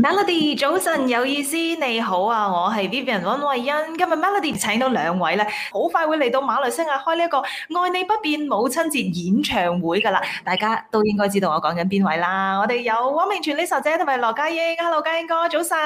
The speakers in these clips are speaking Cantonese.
Melody，早晨有意思，你好啊，我係 Vivian 温慧欣，今日 Melody 請到兩位咧，好快會嚟到馬來西亞開呢一個愛你不變母親節演唱會噶啦，大家都應該知道我講緊邊位啦，我哋有汪明荃李壽姐同埋羅家英，Hello 家英哥，早晨，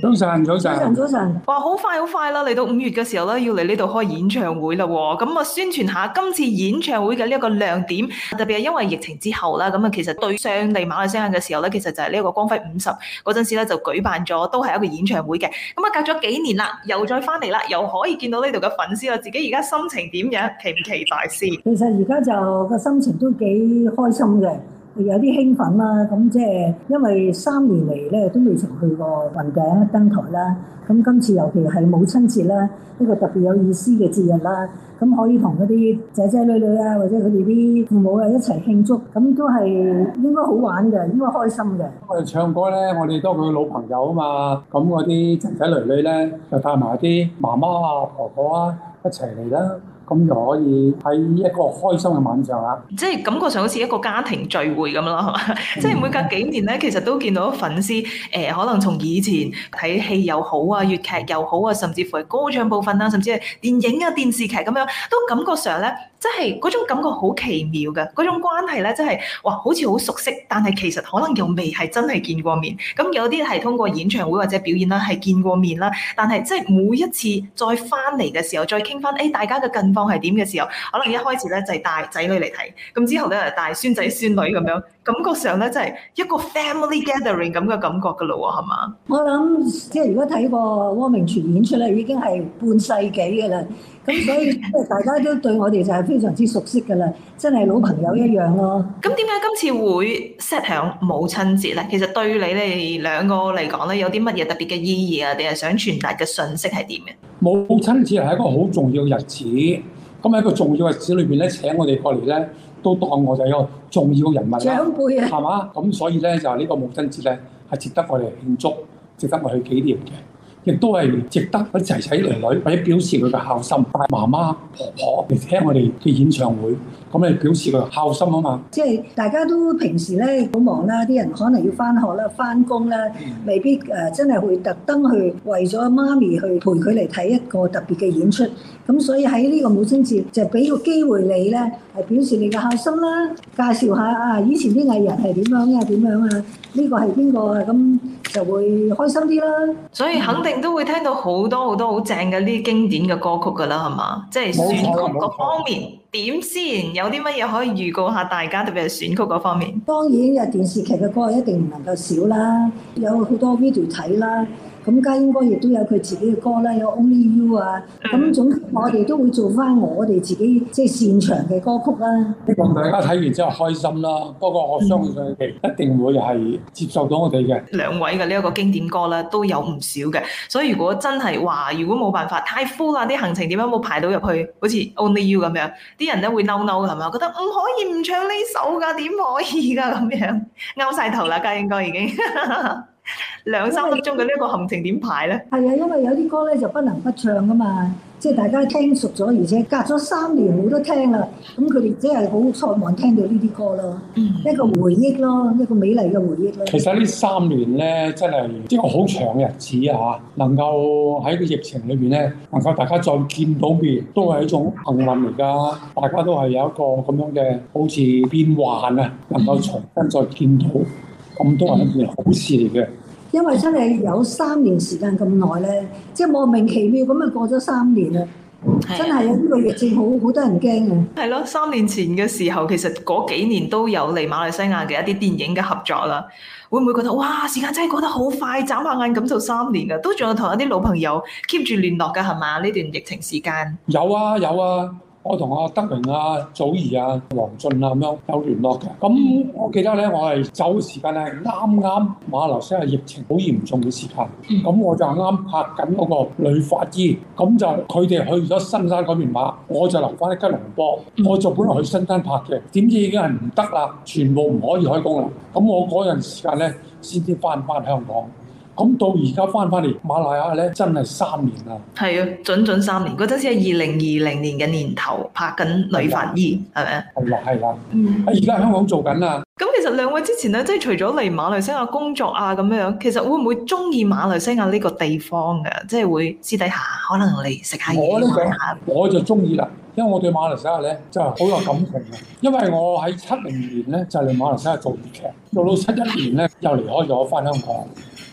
早晨，早晨，早晨，早晨，早晨，哇，好快好快啦，嚟到五月嘅時候咧，要嚟呢度開演唱會啦，咁啊宣傳下今次演唱會嘅呢一個亮點，特別係因為疫情之後啦，咁啊其實對上嚟馬來西亞嘅時候咧，其實就係呢一個光輝五十嗰陣。公咧就舉辦咗，都係一個演唱會嘅。咁啊，隔咗幾年啦，又再翻嚟啦，又可以見到呢度嘅粉絲啊。自己而家心情點樣？期唔期待先？其實而家就個心情都幾開心嘅。有啲興奮啦，咁即係因為三年嚟咧都未曾去過雲頂登台啦，咁今次尤其係母親節啦，一個特別有意思嘅節日啦，咁可以同嗰啲仔仔女女啊，或者佢哋啲父母啊一齊慶祝，咁都係應該好玩嘅，應該開心嘅。我哋唱歌咧，我哋當佢老朋友啊嘛，咁我啲仔仔女女咧就帶埋啲媽媽啊、婆婆啊一齊嚟啦。咁就可以喺一個開心嘅晚上啦，即係感覺上好似一個家庭聚會咁咯， 即係每隔幾年咧， 其實都見到粉絲誒、呃，可能從以前睇戲又好啊，粵劇又好啊，甚至乎係歌唱部分啦，甚至係電影啊、電視劇咁樣，都感覺上咧。即係嗰種感覺好奇妙嘅，嗰種關係咧，即係哇，好似好熟悉，但係其實可能又未係真係見過面。咁有啲係通過演唱會或者表演啦，係見過面啦。但係即係每一次再翻嚟嘅時候，再傾翻，誒大家嘅近況係點嘅時候，可能一開始咧就係帶仔女嚟睇，咁之後咧就帶孫仔孫女咁樣。感覺上咧，真係一個 family gathering 咁嘅感覺噶咯喎，係嘛？我諗即係如果睇過汪明荃演出咧，已經係半世紀嘅啦。咁所以大家都對我哋就係非常之熟悉噶啦，真係老朋友一樣咯。咁點解今次會 set 響母親節咧？其實對你哋兩個嚟講咧，有啲乜嘢特別嘅意義啊？定係想傳達嘅訊息係點嘅？母親節係一個好重要嘅日子。咁喺一個重要嘅節裏邊咧，請我哋過嚟咧，都當我哋一個重要嘅人物啦，長輩啊，係嘛？咁所以咧就係呢個母親節咧，係值得我哋慶祝，值得我哋去紀念嘅，亦都係值得一仔仔女女或者表示佢嘅孝心，帶媽媽婆婆嚟聽我哋嘅演唱會。咁你表示個孝心啊嘛！即係大家都平時咧好忙啦，啲人可能要返學啦、返工啦，嗯、未必誒、呃、真係會特登去為咗媽咪去陪佢嚟睇一個特別嘅演出。咁所以喺呢個母親節就俾個機會你咧，係表示你嘅孝心啦。介紹下啊，以前啲藝人係點樣啊，點樣啊？呢、呢個係邊個啊？咁就會開心啲啦。所以肯定都會聽到好多好多好正嘅呢啲經典嘅歌曲㗎啦，係嘛？即、就、係、是、選曲嗰方面。點先有啲乜嘢可以預告下大家，特別係選曲嗰方面？當然，有電視劇嘅歌一定唔能夠少啦，有好多 video 睇啦。咁家英哥亦都有佢自己嘅歌啦，有 Only You 啊，咁總之，我哋都會做翻我哋自己即係擅長嘅歌曲啦。希望大家睇完之後開心啦。不過我相信佢哋一定會係接受到我哋嘅、嗯、兩位嘅呢一個經典歌啦，都有唔少嘅。所以如果真係話，如果冇辦法太 full 啦，啲行程點樣冇排到入去，好似 Only You 咁樣，啲人咧會嬲嬲係咪啊？覺得唔可以唔唱呢首㗎，點可以㗎咁樣，勾晒頭啦！家英哥已經。 兩三個鐘嘅呢一個行程點排咧？係啊，因為有啲歌咧就不能不唱噶嘛，即係大家聽熟咗，而且隔咗三年冇得聽啦，咁佢哋真係好渴望聽到呢啲歌咯，嗯、一個回憶咯，一個美麗嘅回憶咯。其實呢三年咧真係一個好長嘅日子啊！能夠喺個疫情裏邊咧，能夠大家再見到面，都係一種幸運嚟噶。大家都係有一個咁樣嘅好似變幻啊，能夠重新再見到咁都係一件好事嚟嘅。因為真係有三年時間咁耐咧，即係莫名其妙咁啊過咗三年啦，的真係啊！呢個疫情好好 多人驚啊！係咯，三年前嘅時候，其實嗰幾年都有嚟馬來西亞嘅一啲電影嘅合作啦。會唔會覺得哇？時間真係過得好快，眨下眼咁就三年噶，都仲有同一啲老朋友 keep 住聯絡㗎係嘛？呢段疫情時間有啊，有啊。有啊。我同阿德榮、啊、阿祖兒、啊、阿黃俊啊咁樣有聯絡嘅。咁我記得咧，我係走嘅時間咧，啱啱馬來西亞疫情好嚴重嘅時間。咁我就係啱拍緊嗰個女法醫。咁就佢哋去咗新山嗰邊馬，我就留翻喺吉隆坡。我就本來去新山拍嘅，點知已經係唔得啦，全部唔可以開工啦。咁我嗰陣時間咧，先至翻翻香港。咁到而家翻返嚟馬來亞咧，真係三年啦。係啊，準準三年。嗰陣時係二零二零年嘅年頭，拍緊《女法醫》，係咪啊？係啦吧，係啦。嗯。喺而家香港做緊啦。咁其實兩位之前咧，即係除咗嚟馬來西亞工作啊，咁樣樣，其實會唔會中意馬來西亞呢個地方嘅？即係會私底下可能嚟食下嘢啊？我就中意啦，因為我對馬來西亞咧就係好有感情嘅，因為我喺七零年咧就嚟馬來西亞做劇，做到七一年咧又離開咗，翻香港。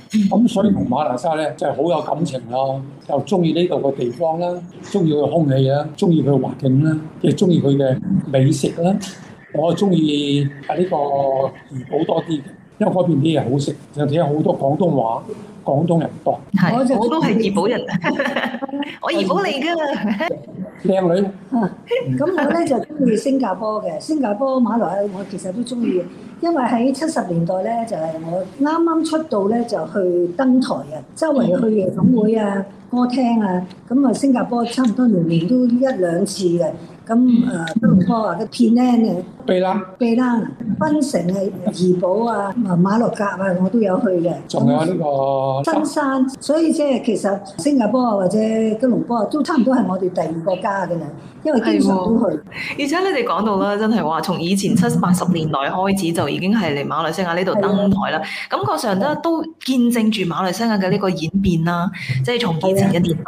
咁、嗯、所以同馬來西亞咧，就係、是、好有感情咯、啊，又中意呢度嘅地方啦、啊，中意佢嘅空氣啊，中意佢嘅環境啦、啊，亦中意佢嘅美食啦、啊。我中意喺呢個怡寶多啲，嘅，因為嗰邊啲嘢好食，就睇下好多廣東話，廣東人多，係，我，我都係怡寶人， 我怡寶嚟㗎。靚 女。咁、啊、我咧 就中意新加坡嘅，新加坡馬來我其實都中意。因為喺七十年代咧，就係、是、我啱啱出道咧，就去登台啊，周圍去夜總會啊、歌廳啊，咁、嗯、啊，新加坡差唔多年年都一兩次嘅，咁、嗯、啊，新加坡啊嘅片咧。啦，律啦，檳城啊、怡保啊、馬六甲啊，我都有去嘅。仲有呢個新山，所以即係其實新加坡啊或者吉隆坡啊，都差唔多係我哋第二個家嘅啦。因為經常都去。而且、哎、你哋講到啦，真係話從以前七八十年代開始就已經係嚟馬來西亞呢度登台啦。的感覺上咧的都見證住馬來西亞嘅呢個演變啦，即係從以前嘅年代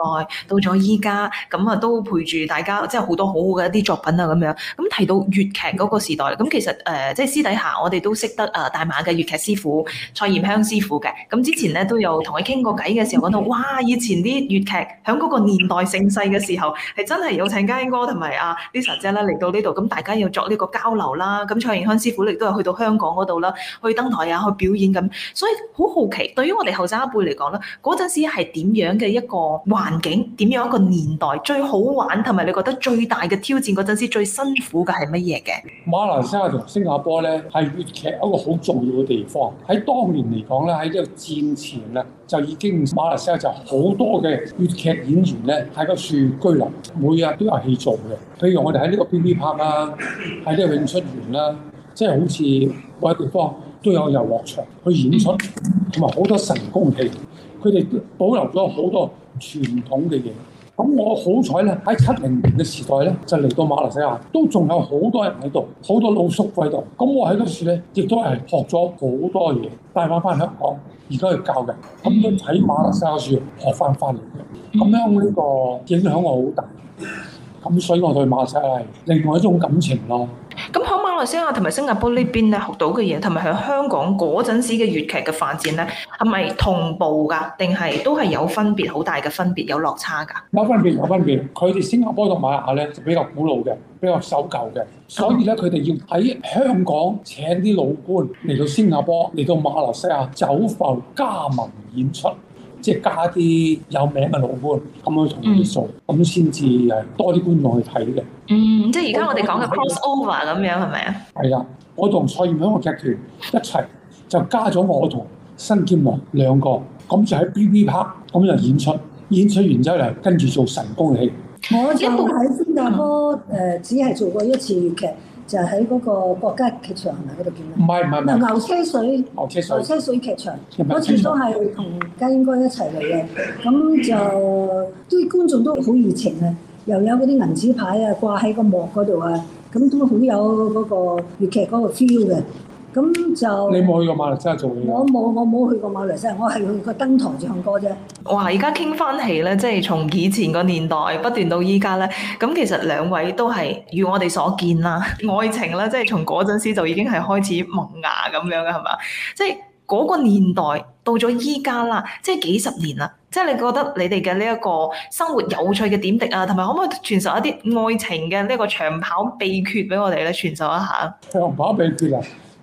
到咗依的家，咁啊都陪住大家即係好多好好嘅一啲作品啊咁樣。咁提到粵劇嗰個時代咁，其實誒，即係私底下我哋都識得啊，大馬嘅粵劇師傅蔡艷香師傅嘅。咁之前咧都有同佢傾過偈嘅時候，講到哇，以前啲粵劇喺嗰個年代盛世嘅時候，係真係有陳家英哥同埋啊 Lisa 姐咧嚟到呢度。咁大家要作呢個交流啦。咁蔡艷香師傅亦都有去到香港嗰度啦，去登台啊，去表演咁。所以好好奇，對於我哋後生一輩嚟講咧，嗰陣時係點樣嘅一個環境？點樣一個年代最好玩？同埋你覺得最大嘅挑戰嗰陣時最辛苦嘅係乜嘢嘅？馬來西亞同新加坡咧，係粵劇一個好重要嘅地方。喺當年嚟講咧，喺呢個戰前咧，就已經馬來西亞就好多嘅粵劇演員咧喺嗰處居留，每日都有戲做嘅。譬如我哋喺呢個 B B Park 啊，喺呢個永春園啦，即係好似各個地方都有遊樂場去演出，同埋好多神功戲，佢哋保留咗好多傳統嘅嘢。咁我好彩咧，喺七零年嘅時代咧，就嚟到馬來西亞，都仲有好多人喺度，好多老叔喺度。咁我喺嗰處咧，亦都係學咗好多嘢，帶返翻香港，而家去教嘅。咁都喺馬來西亞嘅樹學翻返嚟，咁樣呢個影響我好大。咁所以我對馬來西亞係另外一種感情咯。先啊，同埋新加坡邊呢邊咧學到嘅嘢，同埋喺香港嗰陣時嘅粵劇嘅發展咧，係咪同步㗎？定係都係有分別好大嘅分別，有落差㗎？冇分別，有分別。佢哋新加坡同馬來亞咧就比較古老嘅，比較守舊嘅，所以咧佢哋要喺香港請啲老倌嚟到新加坡，嚟到馬來西亞走埠加盟演出。即係加啲有名嘅老倌，咁樣同佢數，咁先至誒多啲觀眾去睇嘅。嗯，即係而家我哋講嘅 cross over 咁樣係咪啊？係啊，我同蔡艷香個劇團一齊就加咗我同新劍王兩個，咁就喺 BB Park，咁就演出，演出完之後嚟跟住做神功戲。我一般喺新加坡誒、呃，只係做過一次劇。就喺嗰個國家劇場，係咪嗰度見？唔係唔係唔係，牛車水。哦，牛車水，牛車水劇場。嗰次都係同家英哥一齊嚟嘅，咁、嗯、就啲觀眾都好熱情啊，又有嗰啲銀紙牌啊掛喺個幕嗰度啊，咁都好有嗰個粵劇嗰個 feel 嘅。咁就你冇去過馬來西亞做嘢啊？我冇，我冇去過馬來西亞，我係去過登堂唱歌啫。哇！而家傾翻起咧，即係從以前個年代不斷到依家咧，咁其實兩位都係如我哋所見啦，愛情咧，即係從嗰陣時就已經係開始萌芽咁樣嘅，係咪即係嗰個年代到咗依家啦，即係幾十年啦，即係你覺得你哋嘅呢一個生活有趣嘅點滴啊，同埋可唔可以傳授一啲愛情嘅呢一個長跑秘訣俾我哋咧？傳授一下長跑秘訣啊！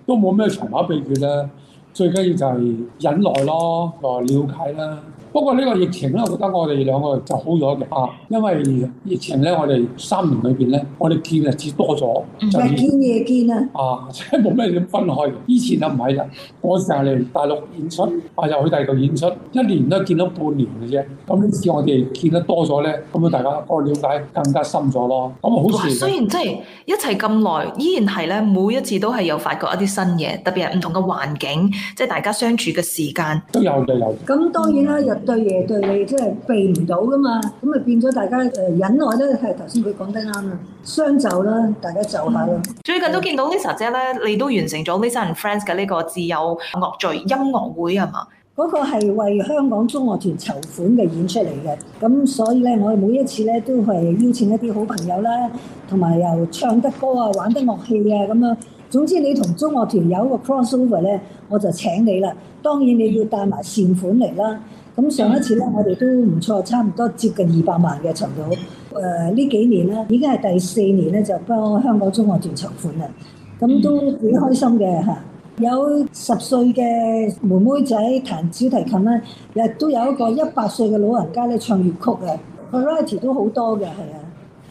都冇咩長跑秘訣啦，最緊要就係忍耐咯，同埋瞭解啦。不過呢個疫情咧，我覺得我哋兩個就好咗嘅啊，因為疫情咧，我哋三年裏邊咧，我哋見嘅次多咗，就見嘢見啊，啊，即係冇咩點分開。以前就唔係啦，我成日嚟大陸演出，啊又去第二度演出，一年都見到半年嘅啫。咁呢次我哋見得多咗咧，咁樣大家個了解更加深咗咯。咁啊，好。哇！雖然即係一齊咁耐，依然係咧，每一次都係有發覺一啲新嘢，特別係唔同嘅環境，即係大家相處嘅時間都有嘅有。咁當然啦，有、嗯。對嘢對你即係、就是、避唔到噶嘛，咁咪變咗大家誒、呃、忍耐咧。係頭先佢講得啱啊，相就啦，大家就下啦、嗯。最近都見到 Lisa 姐咧，你都完成咗 Lisa and Friends 嘅呢、這個自由樂聚音樂會啊嘛？嗰個係為香港中樂團籌款嘅演出嚟嘅，咁所以咧，我哋每一次咧都係邀請一啲好朋友啦，同埋又唱得歌啊、玩得樂器啊咁樣啊。總之你同中樂團有一個 cross over 咧，我就請你啦。當然你要帶埋善款嚟啦。咁上一次咧，我哋都唔錯，差唔多接近二百萬嘅籌到。誒、呃、呢幾年咧，已經係第四年咧，就幫香港中樂團籌款啦。咁都幾開心嘅嚇、啊。有十歲嘅妹妹仔彈小提琴啦，又都有一個一百歲嘅老人家咧唱粵曲嘅。Variety 都好多嘅係啊。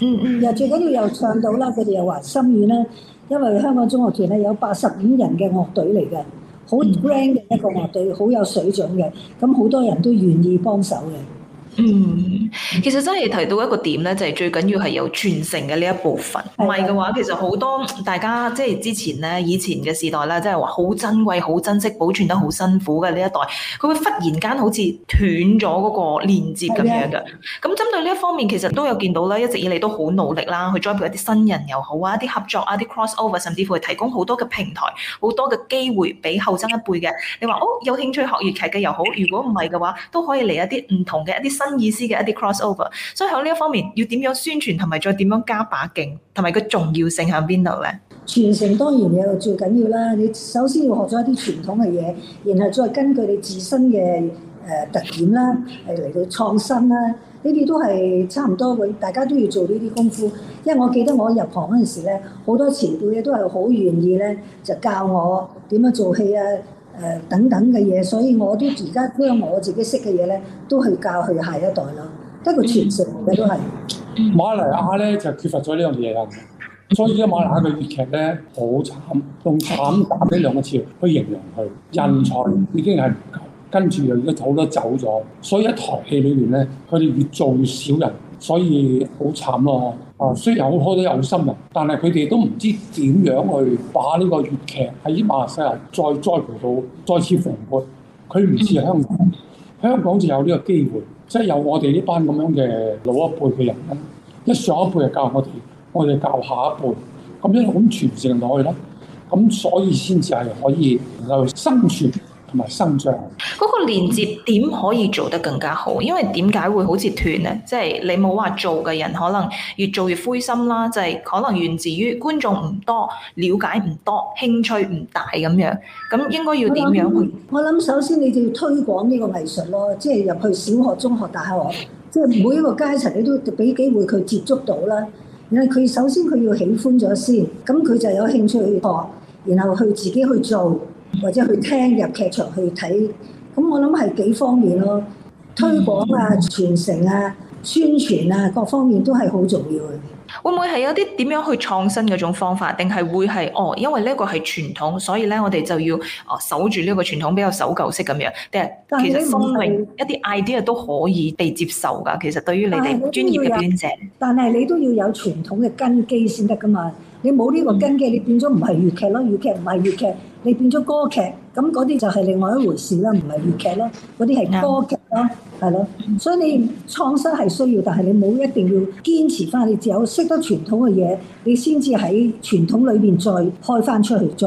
嗯嗯。又、嗯、最緊要又唱到啦，佢哋又話心願啦。因為香港中樂團咧有八十五人嘅樂隊嚟嘅。好 grand 嘅一個樂隊，好有水準嘅，咁好多人都願意幫手嘅。嗯，其實真係提到一個點咧，就係、是、最緊要係有傳承嘅呢一部分。唔係嘅話，其實好多大家即係之前咧，以前嘅時代咧，即係話好珍貴、好珍惜、保存得好辛苦嘅呢一代，佢會忽然間好似斷咗嗰個連接咁樣嘅。咁的針對呢一方面，其實都有見到啦，一直以嚟都好努力啦，去栽培一啲新人又好啊，一啲合作啊，啲 cross over，甚至乎係提供好多嘅平台、好多嘅機會俾後生一輩嘅。你話哦，有興趣學粵劇嘅又好，如果唔係嘅話，都可以嚟一啲唔同嘅一啲新。新意思嘅一啲 cross over，所以喺呢一方面要點樣宣傳同埋再點樣加把勁同埋個重要性喺邊度咧？傳承當然嘢最緊要啦，你首先要學咗一啲傳統嘅嘢，然後再根據你自身嘅誒、呃、特點啦，係嚟到創新啦，呢啲都係差唔多，會大家都要做呢啲功夫。因為我記得我入行嗰陣時咧，好多前輩咧都係好願意咧，就教我點樣做戲啊。誒、呃、等等嘅嘢，所以我都而家將我自己識嘅嘢咧，都去教佢下一代咯。一個傳承嘅都係馬來亞咧，就缺乏咗呢樣嘢啊！所以而家馬來亞嘅粵劇咧，好慘，用慘淡呢兩個詞去形容佢。人才已經係唔夠，跟住又而家好多走咗，所以一台戲裏面咧，佢哋越做越少人。所以好慘咯啊，雖然有好多啲有心人，但係佢哋都唔知點樣去把呢個粵劇喺馬來西亞再栽培到再次復活。佢唔知香港，香港就有呢個機會，即係有我哋呢班咁樣嘅老一輩嘅人啦，一上一輩就教我哋，我哋教下一輩，咁一路咁傳承落去啦，咁所以先至係可以能夠生存。同埋身上嗰個連接點可以做得更加好，因為點解會好似斷咧？即係你冇話做嘅人，可能越做越灰心啦。就係可能源自於觀眾唔多，了解唔多，興趣唔大咁樣。咁應該要點樣？我諗首先你就要推廣呢個藝術咯，即係入去小學、中學、大學，即係每一個階層，你都俾機會佢接觸到啦。因為佢首先佢要喜歡咗先，咁佢就有興趣去學，然後佢自己去做。或者去聽入劇場去睇，咁我諗係幾方面咯，推廣啊、傳承啊、宣傳啊，各方面都係好重要嘅。會唔會係有啲點樣去創新嗰種方法，定係會係哦？因為呢個係傳統，所以咧我哋就要哦守住呢個傳統比較守舊式咁樣。定係其實豐榮一啲 idea 都可以被接受㗎。其實對於你哋專業嘅編者，但係你都要有傳統嘅根基先得㗎嘛。你冇呢個根基，你變咗唔係粵劇咯，粵劇唔係粵劇，你變咗歌劇，咁嗰啲就係另外一回事啦，唔係粵劇咯，嗰啲係歌劇。嗯。啊，咯、yeah, yeah. so，所以你創新係需要，但係你冇一定要堅持翻，你只有識得傳統嘅嘢，你先至喺傳統裏邊再開翻出去，再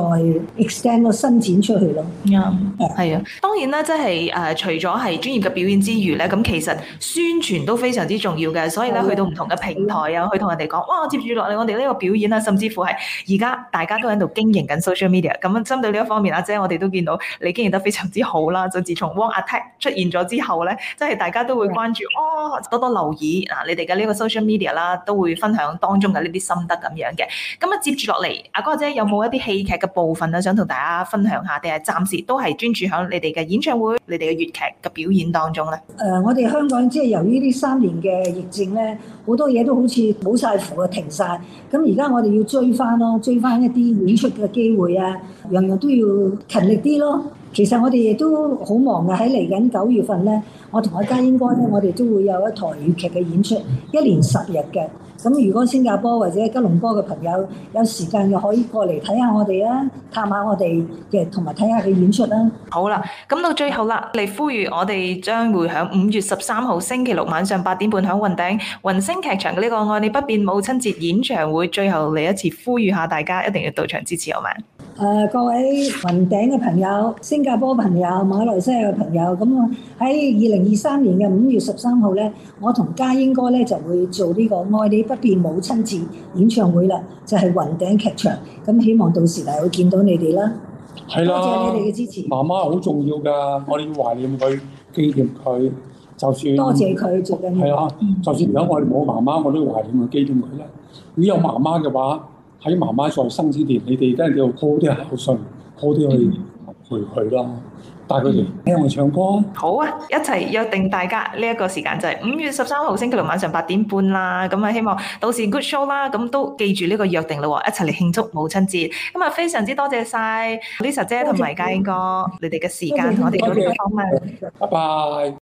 extend 個伸展出去咯。啱，係啊，當然啦，即係誒，除咗係專業嘅表演之餘咧，咁其實宣傳都非常之重要嘅，所以咧去到唔同嘅平台啊，Yeah. 去同人哋講，哇，我接住落嚟我哋呢個表演啦，甚至乎係而家大家都喺度經營緊 social media，咁針對呢一方面，阿姐我哋都見到你經營得非常之好啦。就自從 Wong Attack 出現咗之後。後咧，即係大家都會關注，哦，多多留意啊！你哋嘅呢個 social media 啦，都會分享當中嘅呢啲心得咁樣嘅。咁、嗯、啊，接住落嚟，阿哥姐有冇一啲戲劇嘅部分咧，想同大家分享下？定係暫時都係專注喺你哋嘅演唱會、你哋嘅粵劇嘅表演當中咧？誒、呃，我哋香港即係、就是、由於呢三年嘅疫症咧，好多嘢都好似冇晒符啊，停晒。咁而家我哋要追翻咯，追翻一啲演出嘅機會啊，樣樣都要勤力啲咯。其實我哋都好忙嘅，喺嚟緊九月份呢，我同我家應該呢，我哋都會有一台粵劇嘅演出，一年十日嘅。咁如果新加坡或者吉隆坡嘅朋友有時間就可以過嚟睇下我哋啊，探下我哋嘅，同埋睇下佢演出啦。好啦，咁到最後啦，嚟呼籲我哋將會喺五月十三號星期六晚上八點半喺雲頂雲星劇場嘅呢個愛你不變母親節演唱會，最後嚟一次呼籲下大家一定要到場支持好嘛。誒、呃、各位雲頂嘅朋友、新加坡朋友、馬來西亞嘅朋友，咁喺二零二三年嘅五月十三號咧，我同家英哥咧就會做呢個愛你不變母親節演唱會啦，就係雲頂劇場。咁希望到時大家會見到你哋啦。係啦，多謝你哋嘅支持。媽媽好重要㗎，我哋要懷念佢、紀念佢，就算多謝佢做緊。係啊，就算如果我哋冇媽媽，嗯、我都懷念佢、紀念佢啦。如果有媽媽嘅話。喺媽媽在生之年，你哋而家 call 啲，call 啲去陪佢啦，帶佢哋聽我唱歌好啊，一齊約定大家呢一、呢個時間就係五月十三號星期六晚上八點半啦。咁啊，希望到時 good show 啦，咁都記住呢個約定啦，一齊嚟慶祝母親節。咁啊，非常之多謝晒 Liza 姐同埋家英哥，你哋嘅時間同我哋做呢個訪問。拜拜，okay。